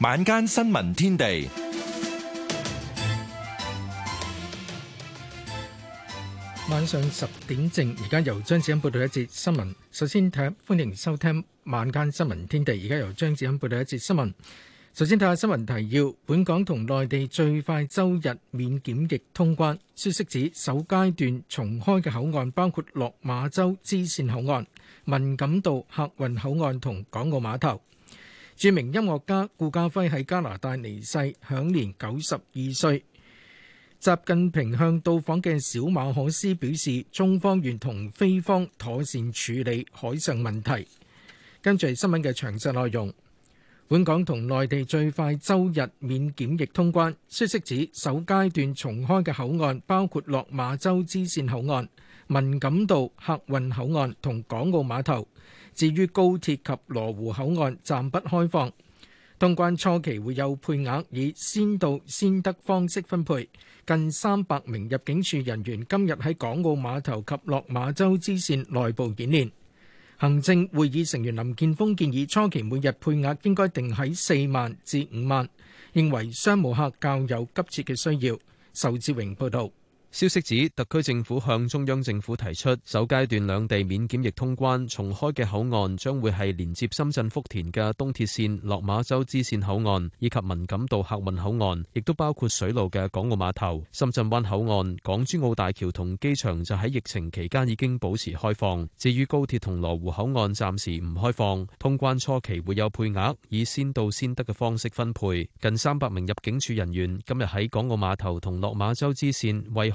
晚間新聞天地，晚上十點正，而家由張子欣報道一節新聞。首先睇，歡迎收聽晚間新聞天地。而家由張子欣報道一節新聞。首先睇下新聞提要：本港同內地最快周日免檢疫通關。消息指，首階段重開嘅口岸包括落馬洲支線口岸、文錦渡客運口岸同港澳碼頭。著名音樂家顧嘉輝喺加拿大離世，享年九十二歲。習近平向到訪嘅小馬可斯表示，中方願同菲方妥善處理海上問題。跟住新聞嘅詳細內容。本港同內地最快周日免檢疫通關。消息指，首階段重開嘅口岸包括落馬洲支線口岸、文錦渡客運口岸同港澳碼頭。至於高鐵及羅湖口岸暫不開放，通關初期會有配額，以先到先得方式分配。近三百名入境處人員今日喺港澳碼頭及落馬洲支線內部演練。行政會議成員林建峰建議初期每日配額應該定喺四萬至五萬，認為商務客較有急切嘅需要。仇志榮報導。消息指，特區政府向中央政府提出，首階段兩地免檢疫通關重開嘅口岸，將會係連接深圳福田嘅東鐵綫落馬洲支綫口岸，以及文錦渡客運口岸，亦都包括水路嘅港澳碼頭、深圳灣口岸、港珠澳大橋同機場就喺疫情期間已經保持開放。至於高鐵同羅湖口岸暫時唔開放，通關初期會有配額，以先到先得嘅方式分配。近三百名入境處人員今日喺港澳碼頭同落馬洲支線為。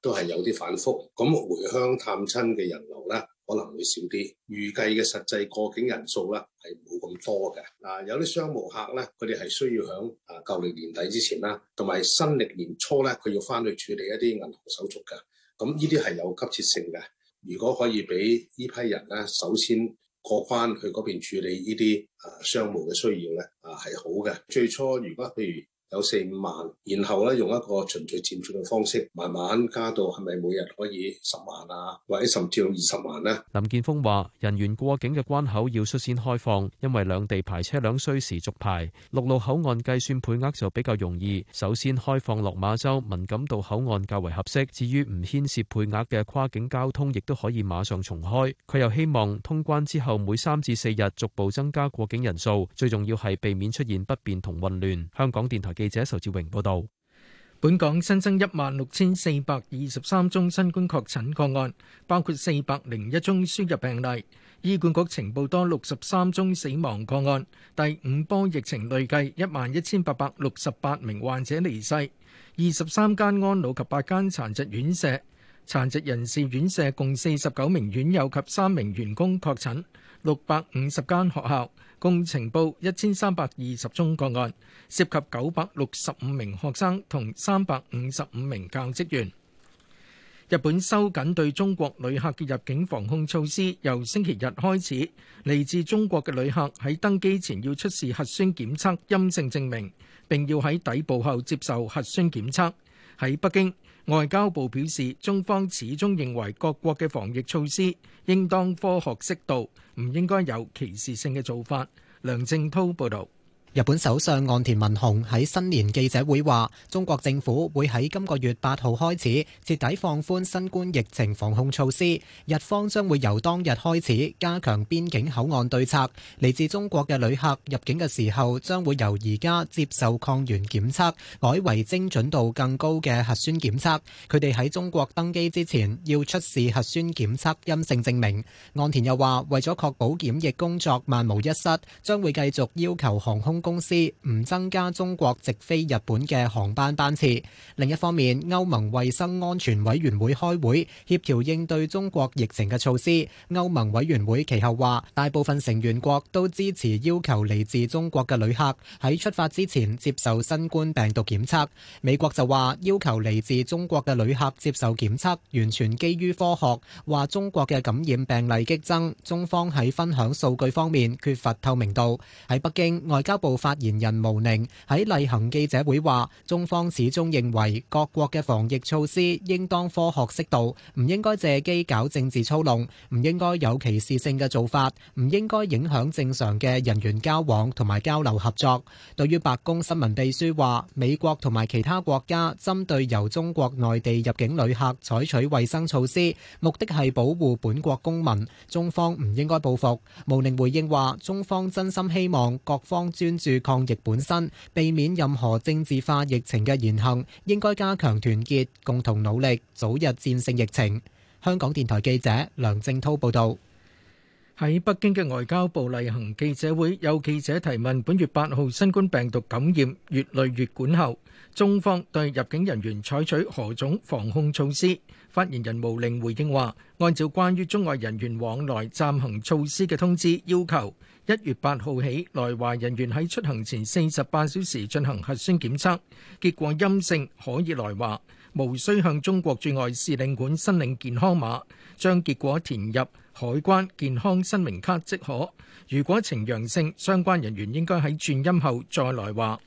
都係有啲反覆，咁回鄉探親嘅人流咧，可能會少啲，預計嘅實際過境人數啦，係冇咁多嘅。嗱，有啲商務客呢，佢哋係需要響啊舊年年底之前啦，同埋新歷年初呢，佢要翻去處理一啲銀行手續嘅。咁呢啲係有急切性嘅。如果可以俾呢批人呢，首先過關去嗰邊處理呢啲啊商務嘅需要呢，啊係好嘅。最初如果譬如，有四五萬，然後咧用一個循序漸進嘅方式，慢慢加到係咪每日可以十萬啊，或者甚至用二十萬咧？林健鋒話：人員過境嘅關口要率先開放，因為兩地牌車輛需時續排，陸路口岸計算配額就比較容易。首先開放落馬洲文錦渡口岸較為合適，至於唔牽涉配額嘅跨境交通，亦都可以馬上重開。佢又希望通關之後每三至四日逐步增加過境人數，最重要係避免出現不便同混亂。香港電台。記者仇志榮報道，本港新增一萬六千四百二十三宗新冠確診個案，包括四百零一宗輸入病例。醫管局呈報多六十三宗死亡個案，第五波疫情累計一萬一千八百六十八名患者離世。二十三間安老及八間殘疾院舍，殘疾人士院舍共四十九名院友及三名員工確診。六百五十間學校，共呈報一千三百二十宗個案，涉及九百六十五名學生同三百五十五名教職員。日本收緊對中國旅客嘅入境防控措施，由星期日開始，嚟自中國嘅旅客喺登機前要出示核酸檢測陰性證明，並要喺抵埗後接受核酸檢測。喺北京。外交部表示，中方始終認為各國嘅防疫措施應當科學適度，唔應該有歧視性嘅做法。梁正滔報導。日本首相岸田文雄喺新年記者會話，中國政府會喺今個月八號開始徹底放寬新冠疫情防控措施，日方將會由當日開始加強邊境口岸對策。嚟自中國嘅旅客入境嘅時候，將會由而家接受抗原檢測改為精準度更高嘅核酸檢測，佢哋喺中國登機之前要出示核酸檢測陰性證明。岸田又話為咗確保檢疫工作萬無一失，將會繼續要求航空，公司唔增加中國直飛日本嘅航班班次。另一方面，歐盟衛生安全委員會開會協調應對中國疫情嘅措施。歐盟委員會其後話，大部分成員國都支持要求嚟自中國嘅旅客喺出發之前接受新冠病毒檢測。美國就話要求嚟自中國嘅旅客接受檢測，完全基於科學。話中國嘅感染病例激增，中方喺分享數據方面缺乏透明度。喺北京，外交部。發言人毛寧喺例行記者會話：中方始終認為各國嘅防疫措施應當科學適度，唔應該借機搞政治操弄，唔應該有歧視性嘅做法，唔應該影響正常嘅人員交往同埋交流合作。對於白宮新聞秘書話美國同埋其他國家針對由中國內地入境旅客採取衛生措施，目的係保護本國公民，中方唔應該報復。毛寧回應話：中方真心希望各方尊。住抗疫本身，避免任何政治化疫情嘅言行，應該加強團結，共同努力，早日戰勝疫情。香港電台記者梁正濤報道。喺北京嘅外交部例行記者會有記者提問：本月八號新冠病毒感染越嚟越管後，中方對入境人員採取何種防控措施？發言人毛寧回應話：按照關於中外人員往來暫行措施嘅通知要求，一月八號起，來華人員喺出行前四十八小時進行核酸檢測，結果陰性可以來華，無需向中國駐外使領館申領健康碼，將結果填入。海關健康申明卡即可。如果呈陽性，相關人員應該喺轉陰後再來話。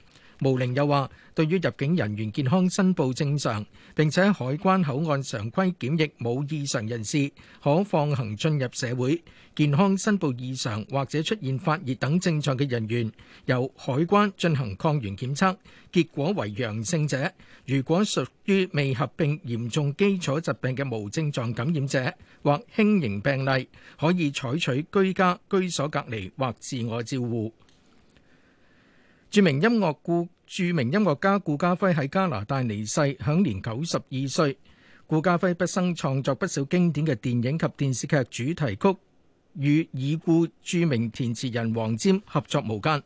毛寧又話：對於入境人員健康申報正常並且海關口岸常規檢疫冇異常人士，可放行進入社會；健康申報異常或者出現發熱等症狀嘅人員，由海關進行抗原檢測，結果為陽性者，如果屬於未合併嚴重基礎疾病嘅無症狀感染者或輕型病例，可以採取居家居所隔離或自我照護。著名音樂顧著名音樂家顧嘉輝喺加拿大離世，享年九十二歲。顧嘉輝畢生創作不少經典嘅電影及電視劇主題曲，與已故著名填詞人黃霑合作無間，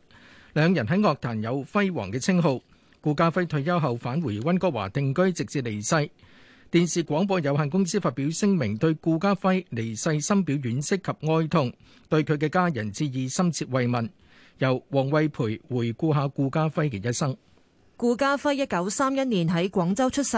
兩人喺樂壇有輝煌嘅稱號。顧嘉輝退休後返回溫哥華定居，直至離世。電視廣播有限公司發表聲明，對顧嘉輝離世深表惋惜及哀痛，對佢嘅家人致以深切慰問。由黃惠培回顧下顧嘉煇嘅一生。顧嘉煇一九三一年喺廣州出世，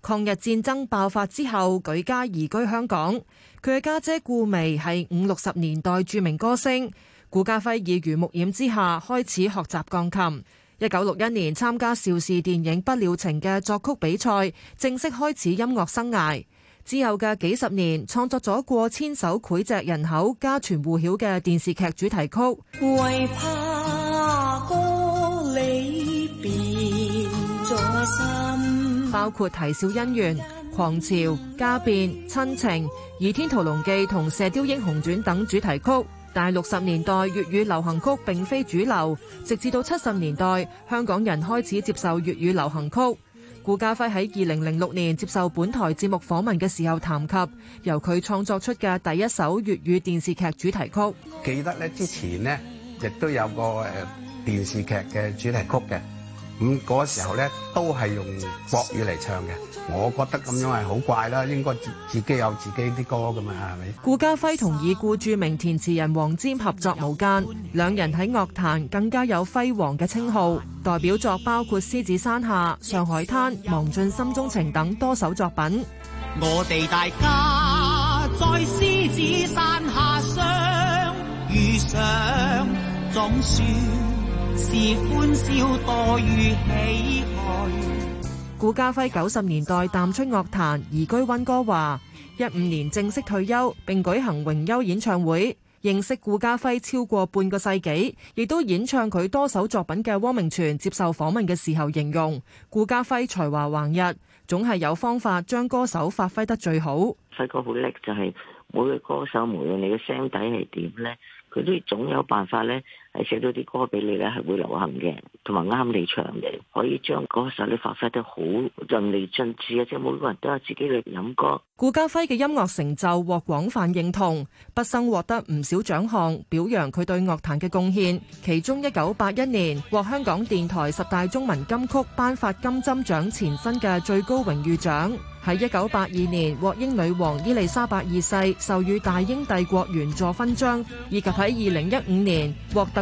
抗日戰爭爆發之後舉家移居香港。佢嘅家姐顧媚係五六十年代著名歌星。顧嘉煇耳濡目染之下開始學習鋼琴。一九六一年參加邵氏電影《不了情》嘅作曲比賽，正式開始音樂生涯。之後嘅幾十年，創作咗過千首膾炙人口、家傳戶曉嘅電視劇主題曲，為怕哥你變咗心，包括《啼笑姻緣》《狂潮》《家變》《親情》《倚天屠龍記》同《射雕英雄傳》等主題曲。但六十年代粵語流行曲並非主流，直至到七十年代，香港人開始接受粵語流行曲。顧嘉輝喺二零零六年接受本台節目訪問嘅時候，談及由佢創作出嘅第一首粵語電視劇主題曲。記得咧之前咧，亦都有個誒電視劇嘅主題曲嘅。咁嗰時候咧，都係用國語嚟唱嘅。我覺得咁樣係好怪啦，應該自自己有自己啲歌㗎嘛，係咪？顧嘉輝同已故著名填詞人黃霑合作無間，兩人喺樂壇更加有輝煌嘅稱號，代表作包括《獅子山下》、《上海灘》、《望盡心中情》等多首作品。我哋大家在獅子山下相遇上，總算。是歡笑多於唏噓。顧嘉輝九十年代淡出樂壇，移居温哥華，一五年正式退休，並舉行榮休演唱會。認識顧嘉輝超過半個世紀，亦都演唱佢多首作品嘅汪明荃接受訪問嘅時候形容：顧嘉輝才華橫溢，總係有方法將歌手發揮得最好。細個好叻就係、是、每個歌手無論你嘅聲底係點呢，佢都總有辦法呢。係寫到啲歌俾你咧，係會流行嘅，同埋啱你唱嘅，可以將歌手你發揮得好，淋漓盡致啊！即係每個人都有自己嘅感覺。顧嘉煇嘅音樂成就獲廣泛認同，畢生獲畢生獲得唔少獎項，表揚佢對樂壇嘅貢獻。其中一九八一年獲香港電台十大中文金曲頒發金針獎前身嘅最高榮譽獎，喺一九八二年獲英女王伊麗莎白二世授予大英帝國員佐勳章，以及喺二零一五年獲得。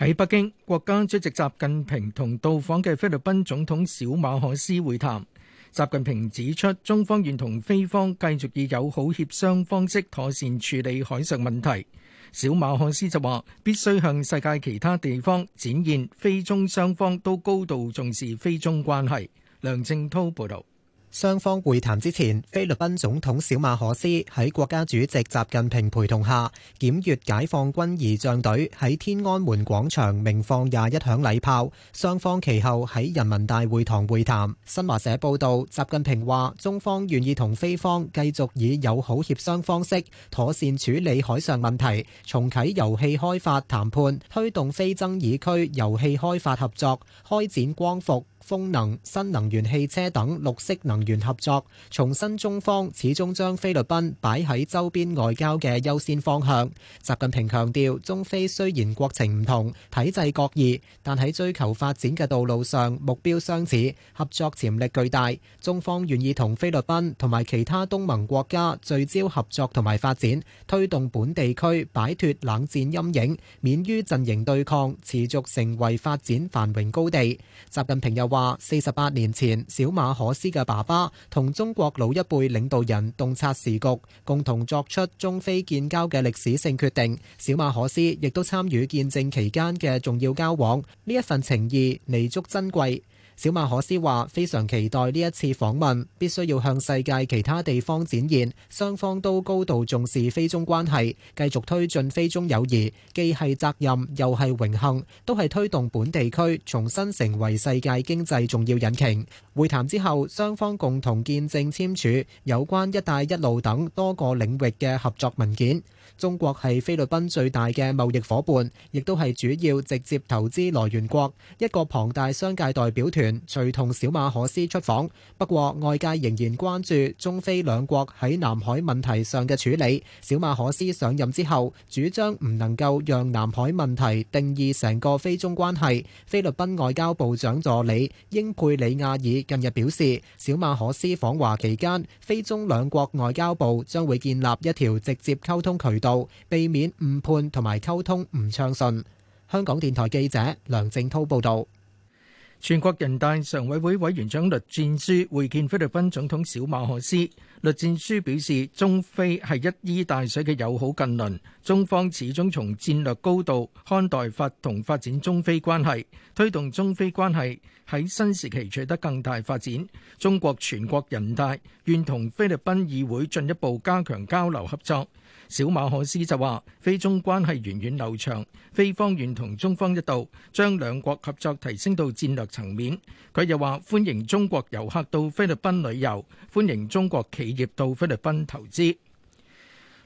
喺北京，國家主席習近平同到訪嘅菲律賓總統小馬可斯會談，習近平指出，中方願同菲方繼續以友好協商方式妥善處理海上問題，小馬可斯就話必須向世界其他地方展現菲中雙方都高度重視菲中關係，梁正濤報道。雙方會談之前，菲律賓總統小馬可斯喺國家主席習近平陪同下，檢閱解放軍儀仗隊，喺天安門廣場鳴放廿一響禮炮。雙方其後喺人民大會堂會談。新華社報道，習近平話：中方願意同菲方繼續以友好協商方式，妥善處理海上問題，重啟油氣開發談判，推動非爭議區油氣開發合作，開展光伏、風能、新能源、汽車等綠色能源合作，重申中方始終將菲律賓擺喺周邊外交嘅優先方向。習近平強調，中菲雖然國情唔同、體制各異，但喺追求發展嘅道路上目標相似，合作潛力巨大。中方願意同菲律賓同埋其他東盟國家聚焦合作同埋發展，推動本地區擺脫冷戰陰影，免於陣營對抗，持續成為發展繁榮高地。習近平又。話四十八年前，小馬可斯嘅爸爸同中國老一輩領導人洞察時局，共同作出中菲建交嘅歷史性決定。小馬可斯亦都參與見證期間嘅重要交往，呢一份情誼彌足珍貴。小馬可斯話：非常期待呢一次訪問，必須要向世界其他地方展現雙方都高度重視菲中關係，繼續推進菲中友誼，既係責任又係榮幸，都係推動本地區重新成為世界經濟重要引擎。會談之後，雙方共同見證簽署有關「一帶一路」等多個領域嘅合作文件。中國係菲律賓最大嘅貿易伙伴，亦都係主要直接投資來源國，一個龐大商界代表團，隨同小馬可斯出訪，不過外界仍然關注中菲兩國喺南海問題上嘅處理。小馬可斯上任之後，主張唔能夠讓南海問題定義成個菲中關係。菲律賓外交部長助理英佩里亞爾近日表示，小馬可斯訪華期間，菲中兩國外交部將會建立一條直接溝通渠道，避免誤判同埋溝通唔暢順。香港電台記者梁正濤報道。全國人大常委會委員長栗戰書會見菲律賓總統小馬可斯。栗戰書表示，中菲係一衣帶水嘅友好近鄰，中方始終從戰略高度看待法同發展中菲關係，推動中菲關係喺新時期取得更大發展。中國全國人大願同菲律賓議會進一步加強交流合作。小馬可斯就話：菲中關係源遠流長，菲方願同中方一道，將兩國合作提升到戰略層面。佢又話：歡迎中國遊客到菲律賓旅遊，歡迎中國企業到菲律賓投資。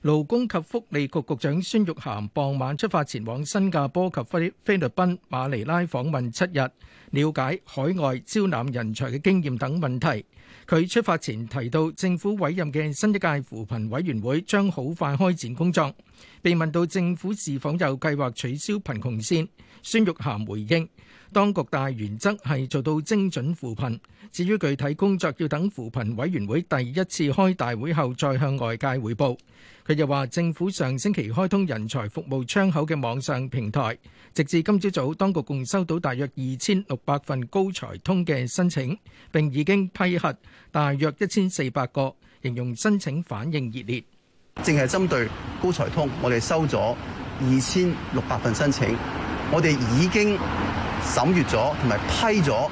勞工及福利局局長孫玉菡傍晚出發前往新加坡及菲菲律賓馬尼拉訪問七日，了解海外招攬人才嘅經驗等問題。佢出發前提到，政府委任嘅新一屆扶貧委員會將好快開展工作。被問到政府是否有計劃取消貧窮線，孫玉菡回應。當局大原則係做到精準扶貧。至於具體工作，要等扶貧委員會第一次開大會後，再向外界彙報。佢又話，政府上星期開通人才服務窗口嘅網上平台，直至今朝早，早，當局共收到大約二千六百份高才通嘅申請，並已經批核大約一千四百個，形容申請反應熱烈。淨係針對高才通，我哋收咗二千六百份申請，我哋已經。審閲咗同埋批咗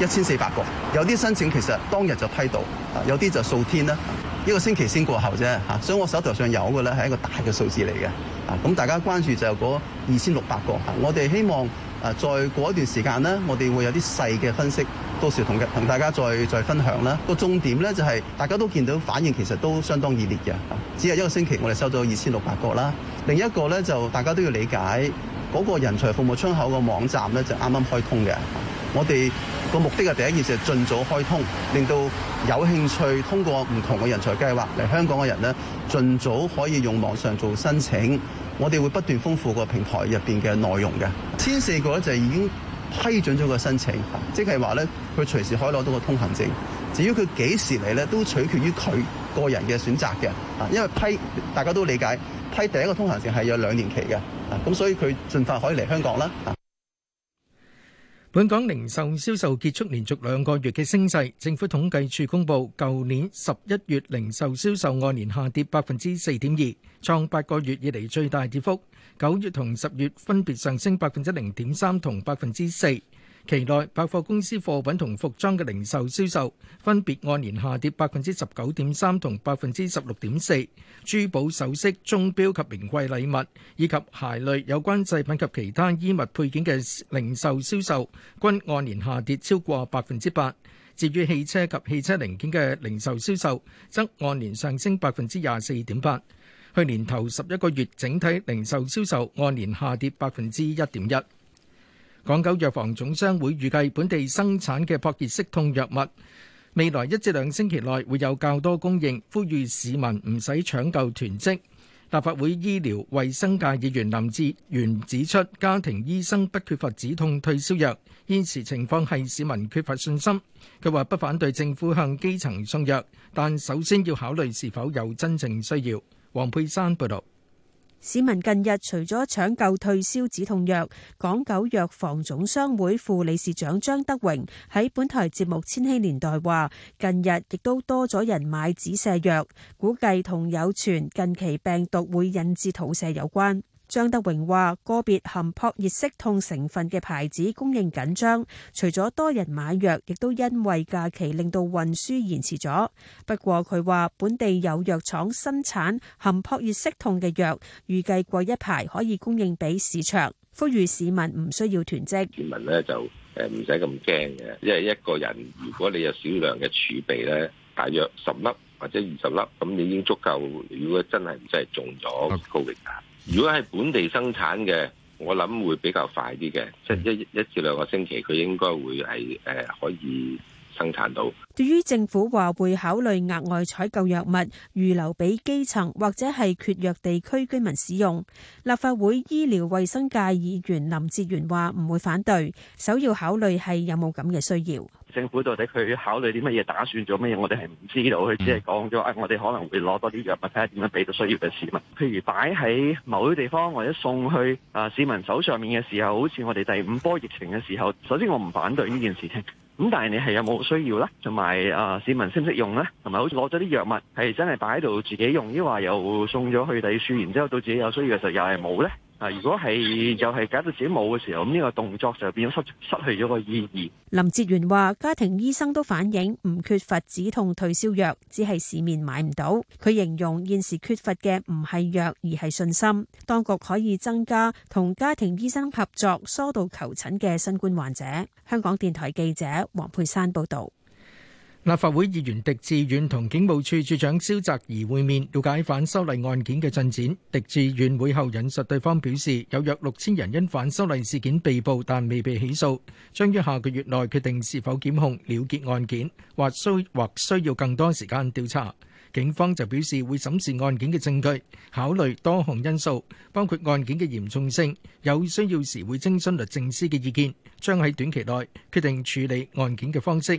一千四百個，有啲申請其實當日就批到，有啲就數天啦，一個星期先過後啫。所以我手頭上有嘅咧係一個大嘅數字嚟嘅。咁、啊、大家關注就嗰二千六百個。我哋希望啊，再過一段時間呢，我哋會有啲細嘅分析，到時同嘅同大家再再分享啦。那個重點呢，就係、是、大家都見到反應其實都相當熱烈嘅、啊。只係一個星期我哋收咗二千六百個啦。另一個呢，就大家都要理解。嗰個人才服務窗口個網站咧就啱啱開通嘅，我哋個目的係第一件事係盡早開通，令到有興趣通過唔同嘅人才計劃嚟香港嘅人咧，盡早可以用網上做申請。我哋會不斷豐富個平台入邊嘅內容嘅。千四個咧就已經批准咗個申請，即係話咧佢隨時可以攞到個通行證。至於佢幾時嚟咧，都取決於佢個人嘅選擇嘅。啊，因為批大家都理解批第一個通行證係有兩年期嘅。咁所以佢盡快可以嚟香港啦。本港零售銷售結束連續兩個月嘅升勢，政府統計處公佈，舊年十一月零售銷售按年下跌百分之四點二，創八個月以來最大跌幅。九月同十月分別上升百分之零點三同百分之四。期內，百貨公司貨品同服裝嘅零售銷售分別按年下跌百分之十九點三同百分之十六點四。珠寶首飾、鐘表及名貴禮物以及鞋類有關製品及其他衣物配件嘅零售銷售，均按年下跌超過百分之八。至於汽車及汽車零件嘅零售銷售，則按年上升百分之廿四點八。去年頭十一個月，整體零售銷售，銷售按年下跌百分之一點一。港九藥房總商會預計本地生產嘅撲熱息痛藥物，未來一至兩星期內會有較多供應，呼籲市民唔使搶購囤積。立法會醫療衛生界議員林志源指出，家庭醫生不缺乏止痛退燒藥，現時情況係市民缺乏信心。佢話不反對政府向基層送藥，但首先要考慮是否有真正需要。黃佩珊報導。市民近日除咗搶購退燒止痛藥，港九藥房總商會副理事長張德榮喺本台節目《千禧年代》話，近日亦都多咗人買止瀉藥，估計同有傳近期病毒會引致肚瀉有關。張德榮話：個別含撲熱息痛成分嘅牌子供應緊張，除咗多人買藥，亦都因為假期令到運輸延遲咗。不過佢話本地有藥廠生產含撲熱息痛嘅藥，預計過一排可以供應俾市場，呼籲市民唔需要囤積。市民呢就誒唔使咁驚嘅，因為一個人如果你有少量嘅儲備咧，大約十粒或者二十粒咁，你已經足夠。如果真係唔真係中咗高熱啊。如果係本地生產嘅，我諗會比較快啲嘅，即係一一至兩個星期，佢應該會係誒、呃、可以生產到。對於政府話會考慮額外採購藥物，預留俾基層或者係缺藥地區居民使用，立法會醫療衛生界議員林哲玄話唔會反對。首要考慮係有冇咁嘅需要。政府到底佢考慮啲乜嘢？打算做乜嘢？我哋係唔知道。佢只係講咗啊，我哋可能會攞多啲藥物睇下點樣俾到需要嘅市民。譬如擺喺某啲地方，或者送去啊市民手上面嘅時候，好似我哋第五波疫情嘅時候。首先，我唔反對呢件事情。咁但係你係有冇需要咧？同埋啊，市民識唔識用咧？同埋好似攞咗啲藥物係真係擺喺度自己用，而話又送咗去第二處，然之後到自己有需要嘅時候又係冇咧？如果係又係搞到自己冇嘅時候，咁呢個動作就變咗失失去咗個意義。林哲元話：家庭醫生都反映唔缺乏止痛退燒藥，只係市面買唔到。佢形容現時缺乏嘅唔係藥，而係信心。當局可以增加同家庭醫生合作疏導求診嘅新冠患者。香港電台記者黃佩珊報道。立法會議員狄志遠同警務處處長蕭澤怡會面，瞭解反修例案件嘅進展。狄志遠會後引述對方表示，有約六千人因反修例事件被捕，但未被起訴，將於下個月內決定是否檢控了結案件，或需或需要更多時間調查。警方就表示會審視案件嘅證據，考慮多項因素，包括案件嘅嚴重性，有需要時會徵詢律政司嘅意見，將喺短期內決定處理案件嘅方式。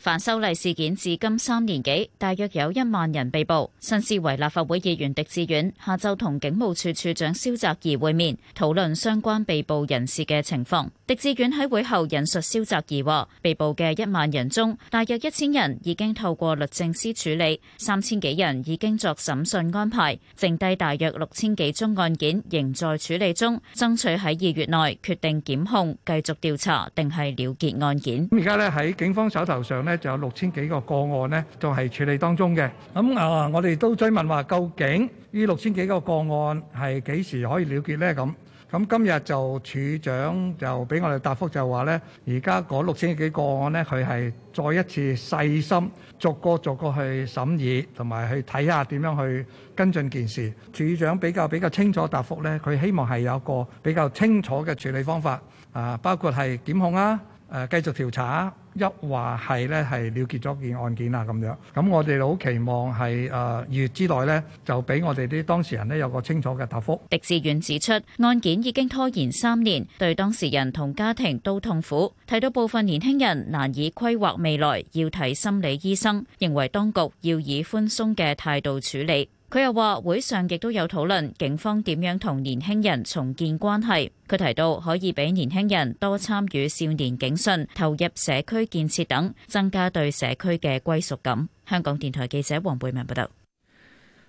反修例事件至今三年幾，大約有一萬人被捕。新思維立法會議員狄志遠下晝同警務處處長蕭澤頤會面，討論相關被捕人士嘅情況，狄志遠喺會後引述蕭澤頤話，被捕嘅一萬人中，大約一千人已經透過律政司處理，三千幾人已經作審訊安排，剩低大約六千幾宗案件仍在處理中，爭取喺二月內決定檢控，繼續調查定係了結案件。而家咧喺警方手頭上咧。呢就有六千幾個個案呢，仲係處理當中嘅。咁啊，我哋都追問話，究竟呢六千幾個個案係幾時可以了結呢？咁咁今日就處長就俾我哋答覆，就話呢，而家嗰六千幾個個案呢，佢係再一次細心逐個逐個去審議，同埋去睇下點樣去跟進件事。處長比較比較清楚答覆呢，佢希望係有個比較清楚嘅處理方法啊，包括係檢控啊。誒繼續調查，一話係咧係了結咗件案件啊咁樣，咁我哋好期望係呃二月之內呢就俾我哋啲當事人呢有個清楚嘅答覆。狄志遠指出，案件已經拖延三年，對當事人同家庭都痛苦。睇到部分年輕人難以規劃未來，要睇心理醫生，認為當局要以寬鬆嘅態度處理。佢又話：會上亦都有討論警方點樣同年輕人重建關係。佢提到可以俾年輕人多參與少年警訊、投入社區建設等，增加對社區嘅歸屬感。香港電台記者黃貝文報道。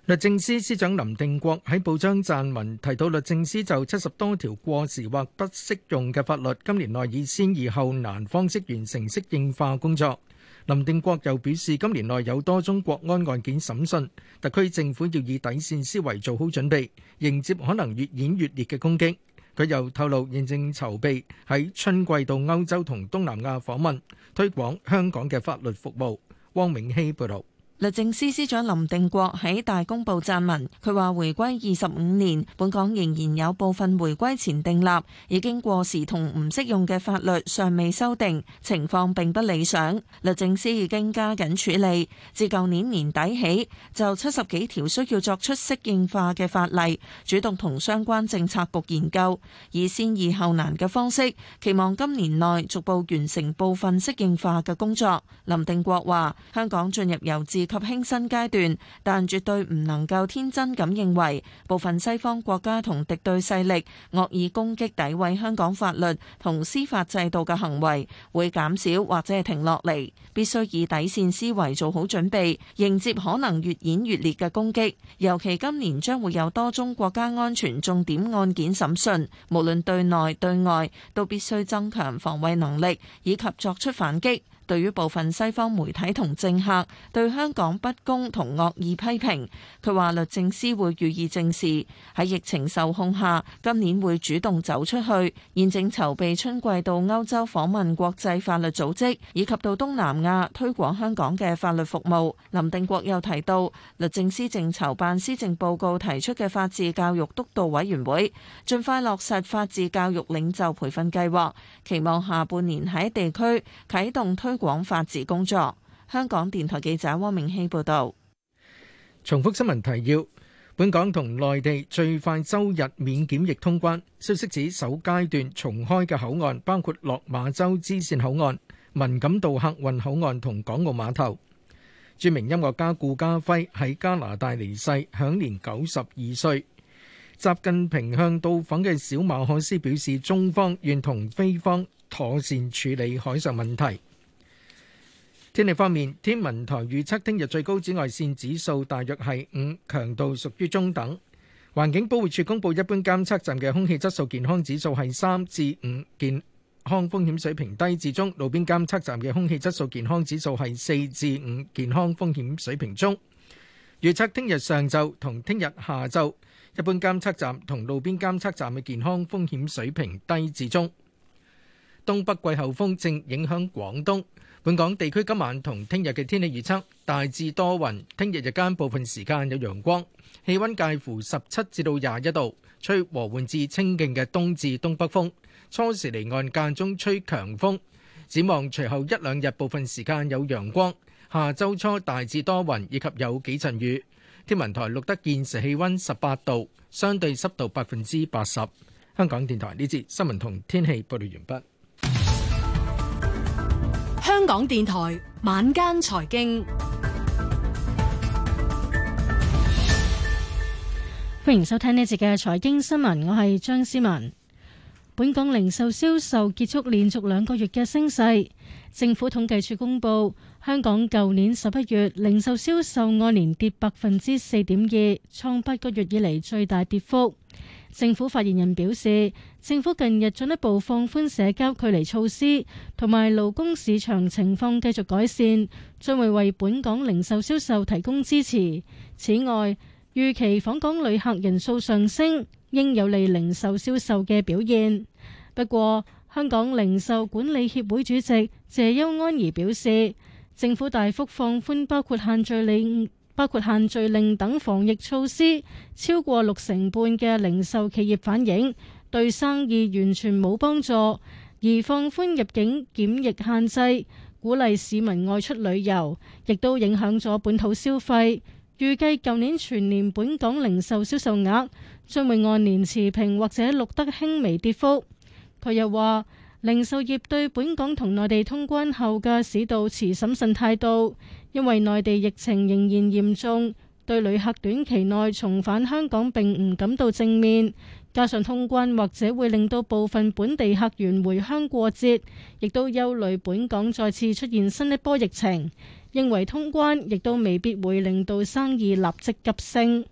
律政司司長林定國喺報章撰文提到，律政司就七十多條過時或不適用嘅法律，今年內以先易後難方式完成適應化工作。林定國又表示，今年內有多宗國安案件審訊，特區政府要以底線思維做好準備，迎接可能越演越烈嘅攻擊，佢又透露，現正籌備喺春季到歐洲同東南亞訪問，推廣香港嘅法律服務。汪永熙報道。律政司司長林定國喺大公報撰文，佢話回歸二十五年，本港仍然有部分回歸前訂立、已經過時同唔適用嘅法律尚未修訂，情況並不理想。律政司已經加緊處理，自舊年年底起就七十幾條需要作出適應化嘅法例，主動同相關政策局研究，以先易後難嘅方式，期望今年內逐步完成部分適應化嘅工作。林定國話：香港進入由治及輕新階段，但絕對唔能夠天真咁認為部分西方國家同敵對勢力惡意攻擊、詆毀香港法律同司法制度嘅行為會減少或者係停落嚟。必須以底線思維做好準備，迎接可能越演越烈嘅攻擊。尤其今年將會有多宗國家安全重點案件審訊，無論對內對外，都必須增強防衛能力以及作出反擊。對於部分西方媒體同政客對香港不公同惡意批評，佢話律政司會予以正視。喺疫情受控下，今年會主動走出去，現正籌備春季到歐洲訪問國際法律組織，以及到東南亞推廣香港嘅法律服務。林定國又提到，律政司正籌辦施政報告提出嘅法治教育督導委員會，盡快落實法治教育領袖培訓計劃，期望下半年喺地區啓動推。香港法治工作。香港電台記者汪明希報道。重複新聞提要：本港同內地最快周日免檢疫通關。消息指首階段重開嘅口岸包括落馬洲支線口岸、文錦渡客運口岸同港澳碼頭。著名音樂家顧家輝喺加拿大離世，享年九十二歲。習近平向到訪嘅小馬漢斯表示，中方願同菲方妥善處理海上問題。天氣方面，天文台預測聽日最高紫外線指數大約係五，強度屬於中等。環境保護署公布一般監測站嘅空氣質素健康指數係三至五，健康風險水平低至中；路邊監測站嘅空氣質素健康指數係四至五，健康風險水平中。預測聽日上晝同聽日下晝，一般監測站同路邊監測站嘅健康風險水平低至中。東北季候風正影響廣東。本港地區今晚同聽日嘅天氣預測，大致多雲，聽日日間部分時間有陽光，氣温介乎十七至到廿一度，吹和緩至清勁嘅東至東北風，初時離岸間中吹強風。展望隨後一兩日部分時間有陽光，下周初大致多雲以及有幾陣雨。天文台錄得現時氣温十八度，相對濕度百分之八十。香港電台呢節新聞同天氣報道完畢。香港電台晚間財經，歡迎收聽呢一節嘅財經新聞。我係張思文。本港零售銷售結束連續兩個月嘅升勢，政府統計處公布，香港舊年十一月零售銷售按年跌百分之四點二，創八個月以嚟最大跌幅。政府發言人表示，政府近日進一步放寬社交距離措施，同埋勞工市場情況繼續改善，將會為本港零售銷售提供支持。此外，預期訪港旅客人數上升，應有利零售銷售嘅表現。不過，香港零售管理協會主席謝優安儀表示，政府大幅放寬，包括限聚令。包括限聚令等防疫措施，超過六成半嘅零售企業反映對生意完全冇幫助，而放寬入境檢疫限制、鼓勵市民外出旅遊亦都影響咗本土消費，預計舊年全年本港零售銷售額將會按年持平或者錄得輕微跌幅。佢又話零售業對本港同內地通關後嘅市道持審慎態度。因為內地疫情仍然嚴重，對旅客短期內重返香港並唔感到正面。加上通關或者會令到部分本地客源回鄉過節，亦都憂慮本港再次出現新一波疫情。認為通關亦都未必會令到生意立即急升。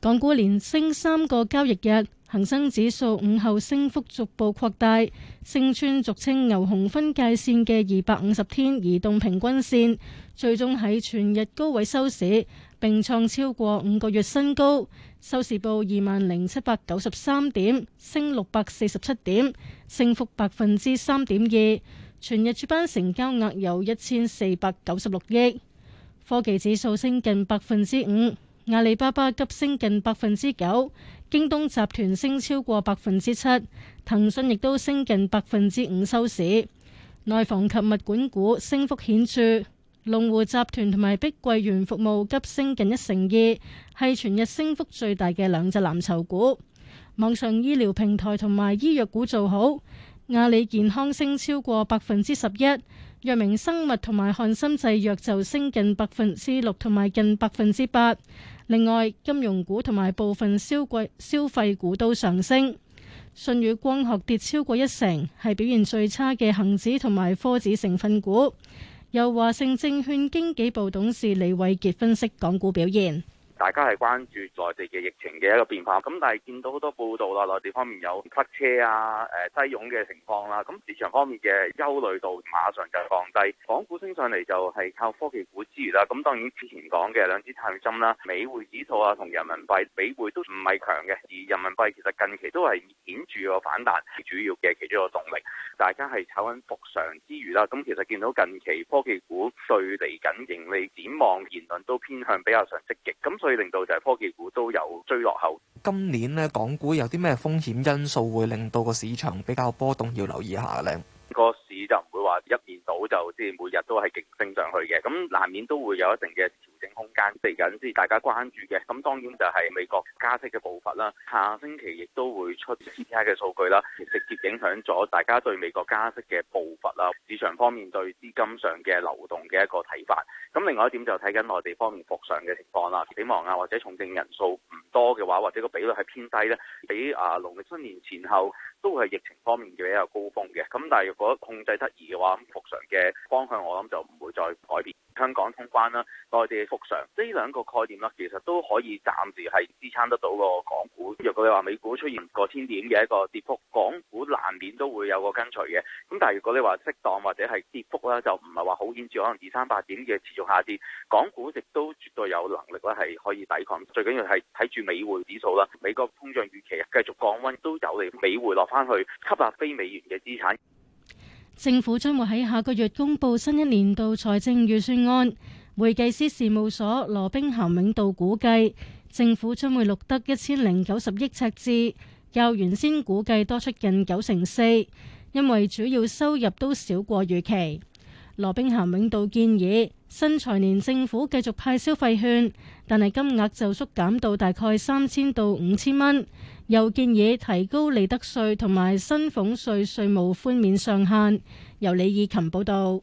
港股連升三個交易日。恒生指數午後升幅逐步擴大，升穿俗稱牛熊分界線嘅二百五十天移動平均線，最終喺全日高位收市，並創超過五個月新高，收市報二萬零七百九十三點，升六百四十七點，升幅百分之三點二。全日主板成交額有一千四百九十六億，科技指數升近百分之五。阿里巴巴急升近百分之九，京東集團升超過百分之七，騰訊亦都升近百分之五收市。內房及物管股升幅顯著，龍湖集團同埋碧桂園服務急升近一成二，係全日升幅最大嘅兩隻藍籌股。網上醫療平台同埋醫藥股做好，阿里健康升超過百分之十一，藥明生物同埋翰森製藥就升近百分之六同埋近百分之八。另外，金融股同埋部分消貴消費股都上升，舜宇光學跌超過一成，係表現最差嘅恒指同埋科指成分股。由華盛證券經紀部董事李偉傑分析港股表現。大家係關注內地嘅疫情嘅一個變化，咁但係見到好多報道啦，內地方面有塞車啊、誒擠擁嘅情況啦、啊，咁市場方面嘅憂慮度馬上就降低。港股升上嚟就係靠科技股之餘啦，咁當然之前講嘅兩支探針啦、啊、美匯指數啊同人民幣美匯都唔係強嘅，而人民幣其實近期都係顯著個反彈主要嘅其中一個動力。大家係炒緊復常之餘啦，咁其實見到近期科技股對嚟緊盈利展望言論都偏向比較上積極，咁所令到就係科技股都有追落後。今年咧，港股有啲咩風險因素會令到個市場比較波動，要留意下咧。個 市就唔會話一面倒，就即係每日都係勁升上去嘅。咁難免都會有一定嘅調整空間。嚟緊，即係大家關注嘅。咁當然就係美國加息嘅步伐啦。下星期亦都會出 CPI 嘅數據啦，直接影響咗大家對美國加息嘅步伐啦。市場方面對資金上嘅流動嘅一個睇法。咁另外一點就睇緊內地方面復常嘅情況啦，死亡啊或者重症人數唔多嘅話，或者個比率係偏低咧，比啊農曆新年前後都係疫情方面嘅比較高峰嘅。咁但係如果控制得宜嘅話，咁復常嘅方向我諗就唔會再改變。香港通關啦、啊，內地嘅復常，呢兩個概念啦、啊，其實都可以暫時係支撐得到個港股。若果你話美股出現過千點嘅一個跌幅，港股難免都會有個跟隨嘅。咁但係如果你話適當或者係跌幅啦、啊，就唔係話好顯著，可能二三百點嘅下跌，港股亦都絕對有能力咧，係可以抵抗。最緊要係睇住美匯指數啦，美國通脹預期繼續降温，都有利美匯落翻去吸納非美元嘅資產。政府將會喺下個月公布新一年度財政預算案，會計師事務所羅兵咸永道估計政府將會錄得一千零九十億赤字，較原先估計多出近九成四，因為主要收入都少過預期。羅兵咸永道建議新財年政府繼續派消費券，但係金額就縮減到大概三千到五千蚊。又建議提高利得稅同埋薪俸稅稅務寬免上限。由李以琴報道。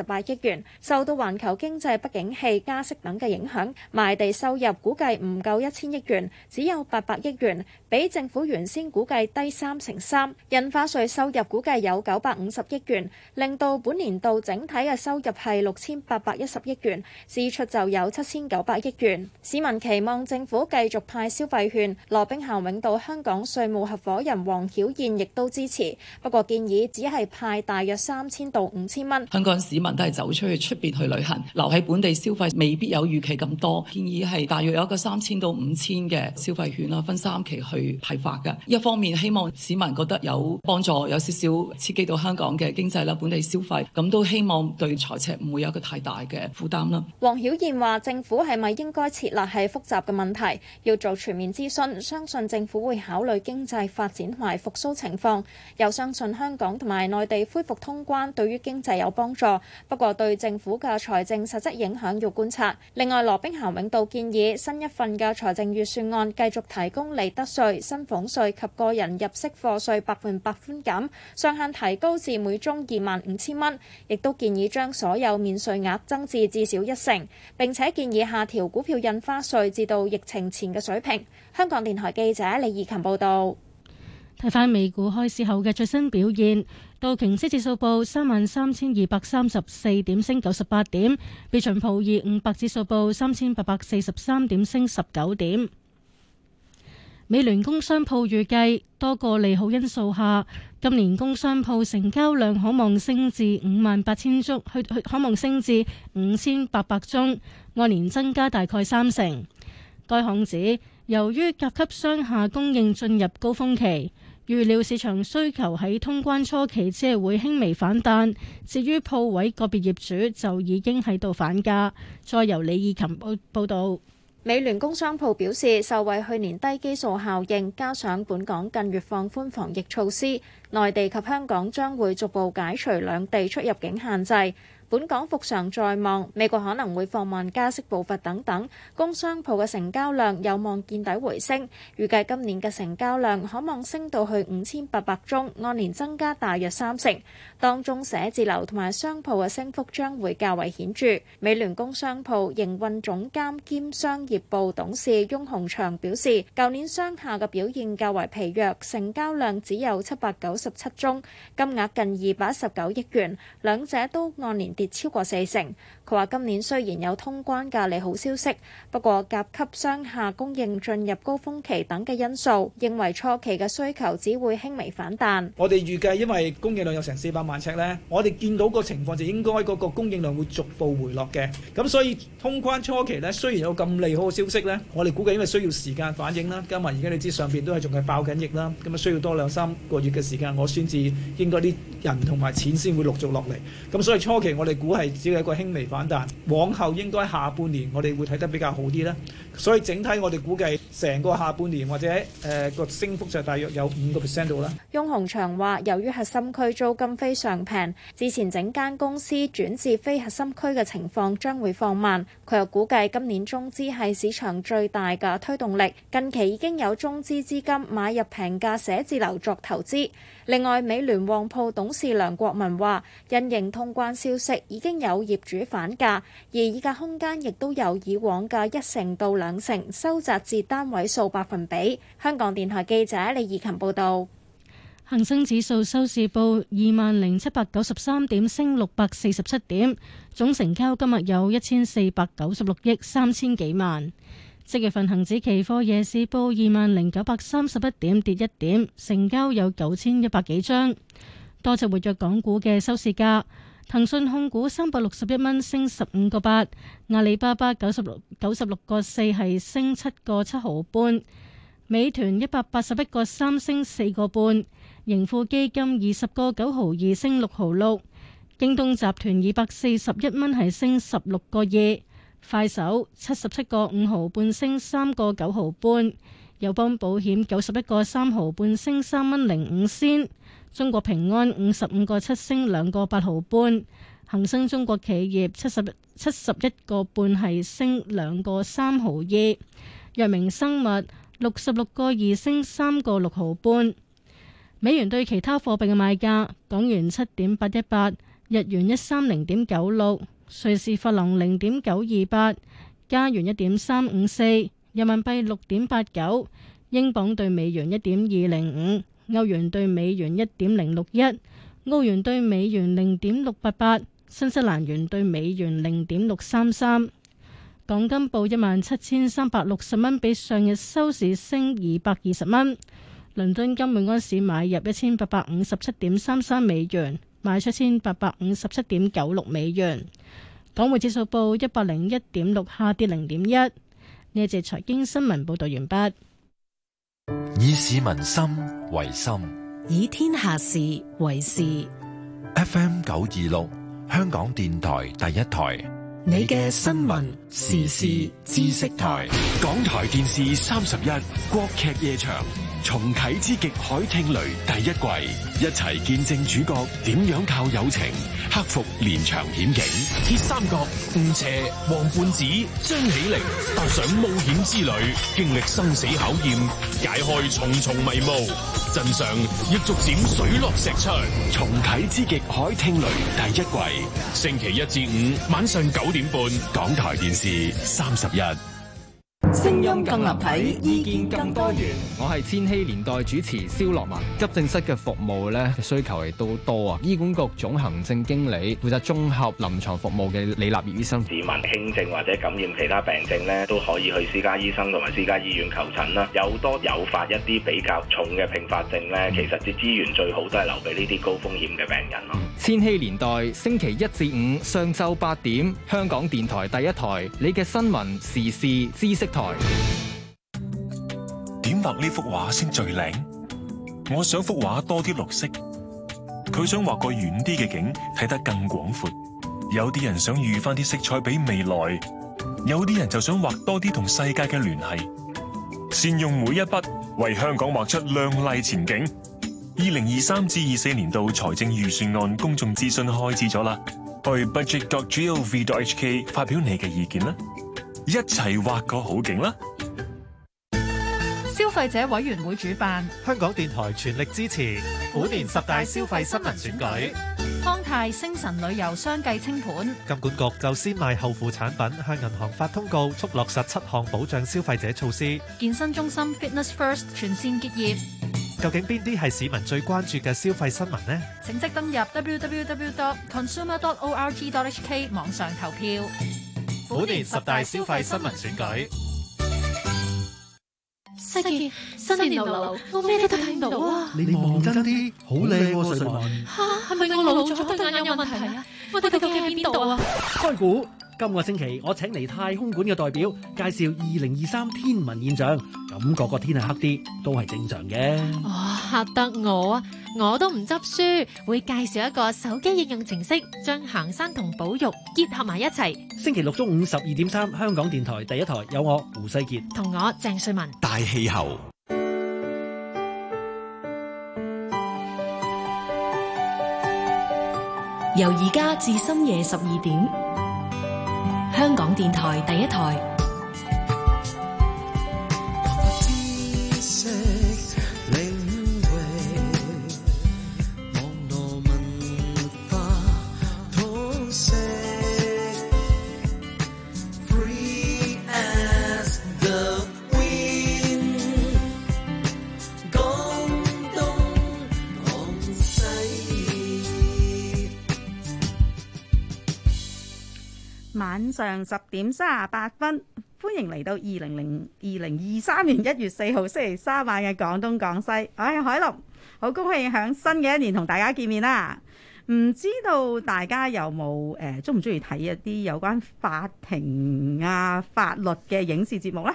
八億元，受到環球經濟不景氣、加息等嘅影響，賣地收入估計唔夠一千億元，只有八百億元，比政府原先估計低三成三。印花稅收入估計有九百五十億元，令到本年度整體嘅收入係六千八百一十億元，支出就有七千九百億元。市民期望政府繼續派消費券，羅兵咸永道香港稅務合伙人黃曉燕亦都支持，不過建議只係派大約三千到五千蚊。香港市民。都係走出去出邊去旅行，留喺本地消費未必有預期咁多。建議係大約有一個三千到五千嘅消費券啦，分三期去派發嘅。一方面希望市民覺得有幫助，有少少刺激到香港嘅經濟啦，本地消費咁都希望對財赤唔會有一個太大嘅負擔啦。黃曉燕話：政府係咪應該設立係複雜嘅問題要做全面諮詢？相信政府會考慮經濟發展同埋復甦情況，又相信香港同埋內地恢復通關對於經濟有幫助。不過，對政府嘅財政實質影響要觀察。另外，羅兵咸永道建議新一份嘅財政預算案繼續提供利得稅、薪俸稅及個人入息課稅百分百寬減上限提高至每宗二萬五千蚊，亦都建議將所有免稅額增至至少一成。並且建議下調股票印花稅至到疫情前嘅水平。香港電台記者李義琴報道。睇翻美股開市後嘅最新表現，道瓊斯指數報三萬三千二百三十四點，升九十八點；標準普爾五百指數報三千八百四十三點，升十九點。美聯工商鋪預計多個利好因素下，今年工商鋪成交量可望升至五萬八千宗，去可望升至五千八百宗，按年增加大概三成。該行指由於甲級商廈供應進入高峰期。預料市場需求喺通關初期只係會輕微反彈，至於鋪位個別業主就已經喺度反價。再由李義琴報報道，美聯工商鋪表示，受惠去年低基數效應，加上本港近月放寬防疫措施，內地及香港將會逐步解除兩地出入境限制。本港復常在望，美國可能會放慢加息步伐等等，工商鋪嘅成交量有望見底回升，預計今年嘅成交量可望升到去五千八百宗，按年增加大約三成。當中寫字樓同埋商鋪嘅升幅將會較為顯著。美聯工商鋪營運總監兼商業部董事翁洪祥表示，舊年商廈嘅表現較為疲弱，成交量只有七百九十七宗，金額近二百一十九億元，兩者都按年超過四成。佢話：今年雖然有通關嘅利好消息，不過甲級商廈供應進入高峯期等嘅因素，認為初期嘅需求只會輕微反彈。我哋預計，因為供應量有成四百萬尺呢，我哋見到個情況就應該嗰個供應量會逐步回落嘅。咁所以通關初期呢，雖然有咁利好嘅消息呢，我哋估計因為需要時間反應啦。今日而家你知上邊都係仲係爆緊疫啦，咁啊需要多兩三個月嘅時間，我先至應該啲人同埋錢先會陸續落嚟。咁所以初期我哋估係只係一個輕微反。往後應該下半年我哋會睇得比較好啲啦。所以整體我哋估計成個下半年或者誒個、呃、升幅就大約有五個 percent 到啦。翁鴻祥話，由於核心區租金非常平，之前整間公司轉至非核心區嘅情況將會放慢。佢又估計今年中資係市場最大嘅推動力，近期已經有中資資金買入平價寫字樓作投資。另外，美聯旺鋪董事梁國文話，因應通關消息，已經有業主反價，而議價空間亦都有以往嘅一成到兩成收窄至單位數百分比。香港電台記者李怡琴報道。恒生指數收市報二萬零七百九十三點，升六百四十七點，總成交今日有一千四百九十六億三千幾萬。即月份恒指期貨 For 夜市報二萬零九百三十一點，跌一點，成交有九千一百幾張。多隻活躍港股嘅收市價：騰訊控股三百六十一蚊升十五個八，阿里巴巴九十六九十六個四係升七個七毫半，美團一百八十一個三升四個半，盈富基金二十個九毫二升六毫六，京東集團二百四十一蚊係升十六個二。快手七十七個五毫半升三個九毫半，友邦保險九十一個三毫半升三蚊零五仙，中國平安五十五個七升兩個八毫半，恒生中國企業七十七十一個半係升兩個三毫二，藥明生物六十六個二升三個六毫半，美元對其他貨幣嘅賣價，港元七點八一八，日元一三零點九六。瑞士法郎零點九二八，加元一點三五四，人民幣六點八九，英鎊兌美元一點二零五，歐元兌美元一點零六一，澳元兌美元零點六八八，新西蘭元兌美元零點六三三。港金報一萬七千三百六十蚊，比上日收市升二百二十蚊。倫敦金每安士買入一千八百五十七點三三美元。賣出千八百五十七點九六美元。港匯指數報一百零一點六，下跌零點一。呢一節財經新聞報道完畢。以市民心為心，以天下事為事。FM 九二六，香港電台第一台，你嘅新聞時，時事知識台，港台電視三十一，國劇夜場。重啟之極海聽雷第一季，一齊見證主角點樣靠友情克服連場險境。鐵三角吳邪、王胖子、張起靈踏上冒險之旅，經歷生死考驗，解開重重迷霧，真相亦逐漸水落石出。重啟之極海聽雷第一季，星期一至五晚上九點半，港台電視三十日。聲音更立體，意見更多元。我係千禧年代主持蕭樂文。急症室嘅服務咧，需求亦都多啊。醫管局總行政經理負責綜合臨床服務嘅李立業醫生指，市民輕症或者感染其他病症咧，都可以去私家醫生同埋私家醫院求診啦。有多誘發一啲比較重嘅併發症咧，其實啲資源最好都係留俾呢啲高風險嘅病人咯。千禧年代星期一至五上晝八點，香港電台第一台，你嘅新聞時事知識台。點畫呢幅畫先最靚？我想幅畫多啲綠色。佢想畫個遠啲嘅景，睇得更廣闊。有啲人想預翻啲色彩俾未來，有啲人就想畫多啲同世界嘅聯繫。善用每一筆，為香港畫出亮麗前景。二零二三至二四年度財政預算案公衆諮詢開始咗啦，去 budget.gov.hk 發表你嘅意見啦，一齊畫個好景啦！消費者委員會主辦，香港電台全力支持。本年十大消費新聞選舉。康泰星晨旅遊相繼清盤。金管局就先賣後付產品向銀行發通告，促落實七項保障消費者措施。健身中心 Fitness First 全線結業。究竟邊啲係市民最關注嘅消費新聞呢？請即登入 www.consumer.org.hk 網上投票。本年十大消費新聞選舉。細杰，新年流流，我咩都睇唔到啊！你望真啲，好靚喎，新聞。吓，係咪我老咗眼有問題啊？我哋究竟喺邊度啊？開估。今個星期我請嚟太空館嘅代表介紹二零二三天文現象，感覺個天係黑啲都係正常嘅。哦，吓得我啊！我都唔執輸，會介紹一個手機應用程式，將行山同保育結合埋一齊。星期六中午十二點三，3，香港電台第一台有我胡世杰同我鄭瑞文大氣候，由而家至深夜十二點。香港電台第一台。晚上十點三十八分，歡迎嚟到二零零二零二三年一月四號星期三晚嘅廣東廣西。我係海龍，好恭喜響新嘅一年同大家見面啦。唔知道大家有冇誒中唔中意睇一啲有關法庭啊法律嘅影視節目呢？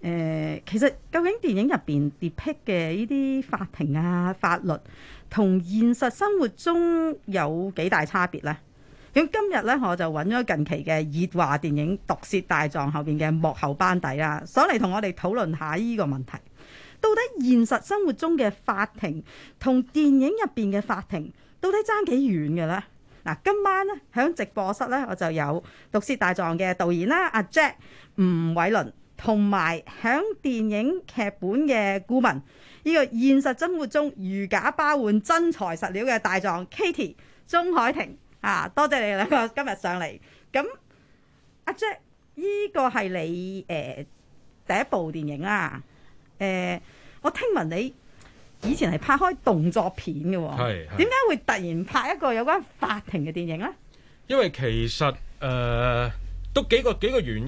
誒、呃，其實究竟電影入邊 depict 嘅呢啲法庭啊法律，同現實生活中有幾大差別呢？咁今日咧，我就揾咗近期嘅熱話電影《毒舌大狀》後邊嘅幕後班底啦，上嚟同我哋討論下呢個問題，到底現實生活中嘅法庭同電影入邊嘅法庭到底爭幾遠嘅咧？嗱，今晚咧喺直播室呢，我就有《毒舌大狀》嘅導演啦、啊，阿 Jack 吳偉倫，同埋喺電影劇本嘅顧問呢、呢個現實生活中如假包換真材實料嘅大狀 Katie 鍾海婷。啊！多謝你兩個今日上嚟。咁阿、啊、Jack，呢個係你誒、呃、第一部電影啦、啊。誒、呃、我聽聞你以前係拍開動作片嘅係、啊，點解會突然拍一個有關法庭嘅電影咧？因為其實誒、呃、都幾個幾個原因。